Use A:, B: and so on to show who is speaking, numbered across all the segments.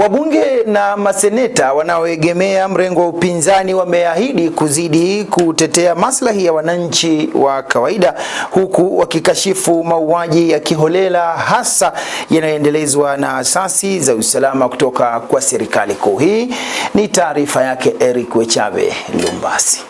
A: Wabunge na maseneta wanaoegemea mrengo wa upinzani wameahidi kuzidi kutetea maslahi ya wananchi wa kawaida huku wakikashifu mauaji ya kiholela hasa yanayoendelezwa na asasi za usalama kutoka kwa serikali kuu. Hii ni taarifa yake Eric wechave Lumbasi.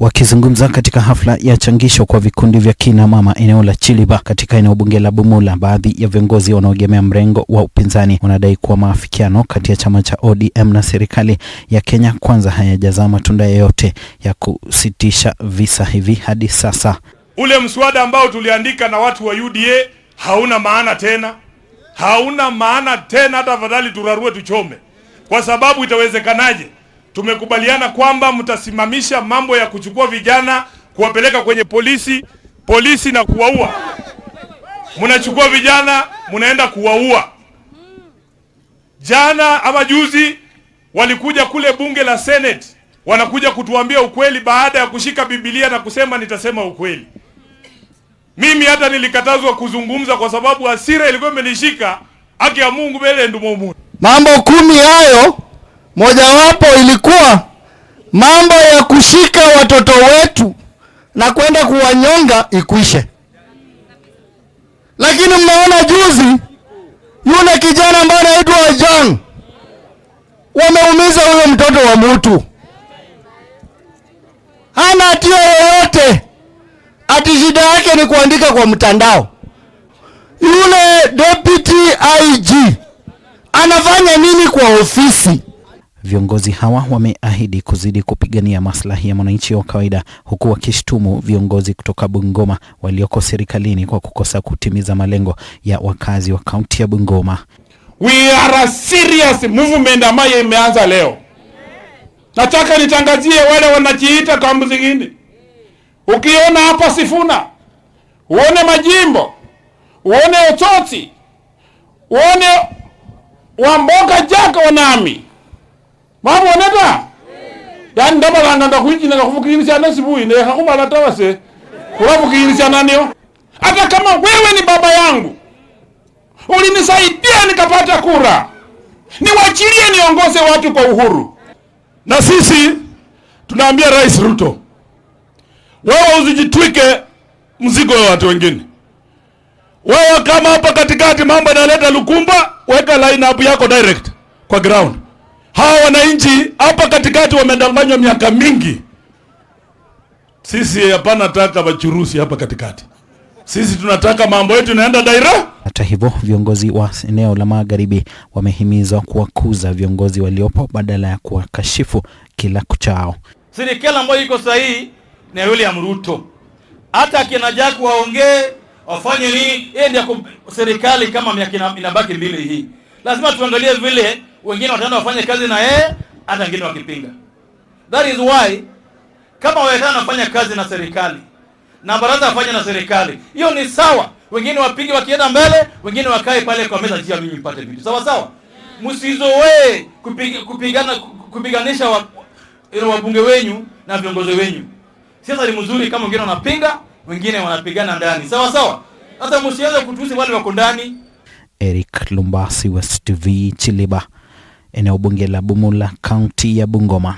B: Wakizungumza katika hafla ya changisho kwa vikundi vya kina mama eneo la Chiliba katika eneo bunge la Bumula, baadhi ya viongozi wanaoegemea mrengo wa upinzani wanadai kuwa maafikiano kati ya chama cha ODM na serikali ya Kenya Kwanza hayajazaa matunda yoyote ya kusitisha visa hivi hadi sasa.
C: Ule mswada ambao tuliandika na watu wa UDA hauna maana tena, hauna maana tena. Hata afadhali turarue tuchome, kwa sababu itawezekanaje tumekubaliana kwamba mtasimamisha mambo ya kuchukua vijana kuwapeleka kwenye polisi polisi na kuwaua. Mnachukua vijana mnaenda kuwaua. Jana ama juzi walikuja kule bunge la Senate, wanakuja kutuambia ukweli baada ya kushika Biblia na kusema nitasema ukweli. Mimi hata nilikatazwa kuzungumza kwa sababu hasira ilikuwa imenishika. Haki ya Mungu mbele ndumo.
D: Mambo kumi hayo Mojawapo ilikuwa mambo ya kushika watoto wetu na kwenda kuwanyonga ikwishe. Lakini mmeona juzi yule kijana ambaye anaitwa Ajang, wameumiza huyo mtoto wa mtu, hana hatia yoyote, ati shida yake ni kuandika kwa mtandao. Yule deputy IG anafanya nini kwa ofisi?
B: Viongozi hawa wameahidi kuzidi kupigania maslahi ya mwananchi wa kawaida huku wakishtumu viongozi kutoka Bungoma walioko serikalini kwa kukosa kutimiza malengo ya wakazi wa kaunti ya Bungoma.
C: We are a serious movement ambayo imeanza leo. Nataka nitangazie wale wanajiita kambi zingine, ukiona hapa Sifuna, uone Majimbo, uone Ototi, uone Wamboka Jack wanami mwaboneta yani ndapalanga ndakuichina kakuvukirisyana sibuyi ndekakubala tawase kulavukirisyananio ata kama wewe ni baba yangu ulinisaidia nikapata kura, niwachilie niongoze watu kwa uhuru. Na sisi tunaambia Rais Ruto, wewe uzijitwike mzigo wa watu wengine. Wewe kama hapa katikati mambo yanaleta lukumba, weka line up yako direct kwa ground. Hawa wananchi hapa katikati wamedanganywa miaka mingi. Sisi hapana taka wachurusi hapa katikati. Sisi tunataka mambo yetu inaenda daira.
B: Hata hivyo, viongozi wa eneo la magharibi wamehimizwa kuwakuza viongozi waliopo badala ya kuwakashifu kila kuchao.
C: Serikali ambayo iko sahihi ni William Ruto. Hata akina Jack waongee wafanye nini, yeye ndiye serikali. Kama miaka inabaki mbili hii, lazima tuangalie vile wengine wataenda wafanye kazi na yeye, hata wengine wakipinga. That is why kama waetana wanafanya kazi na serikali na baraza afanye na serikali, hiyo ni sawa. Wengine wapinge wakienda mbele, wengine wakae pale kwa meza jia, mimi nipate vitu sawa sawa. Msizoee kupigana kupiganisha wa, wabunge wenyu na viongozi wenyu. Siasa ni mzuri kama wengine wanapinga wengine wanapigana ndani sawa sawa. hata msiweze kutusi wale wako ndani.
B: Eric Lumbasi, West TV, chiliba eneo bunge la Bumula, kaunti ya Bungoma.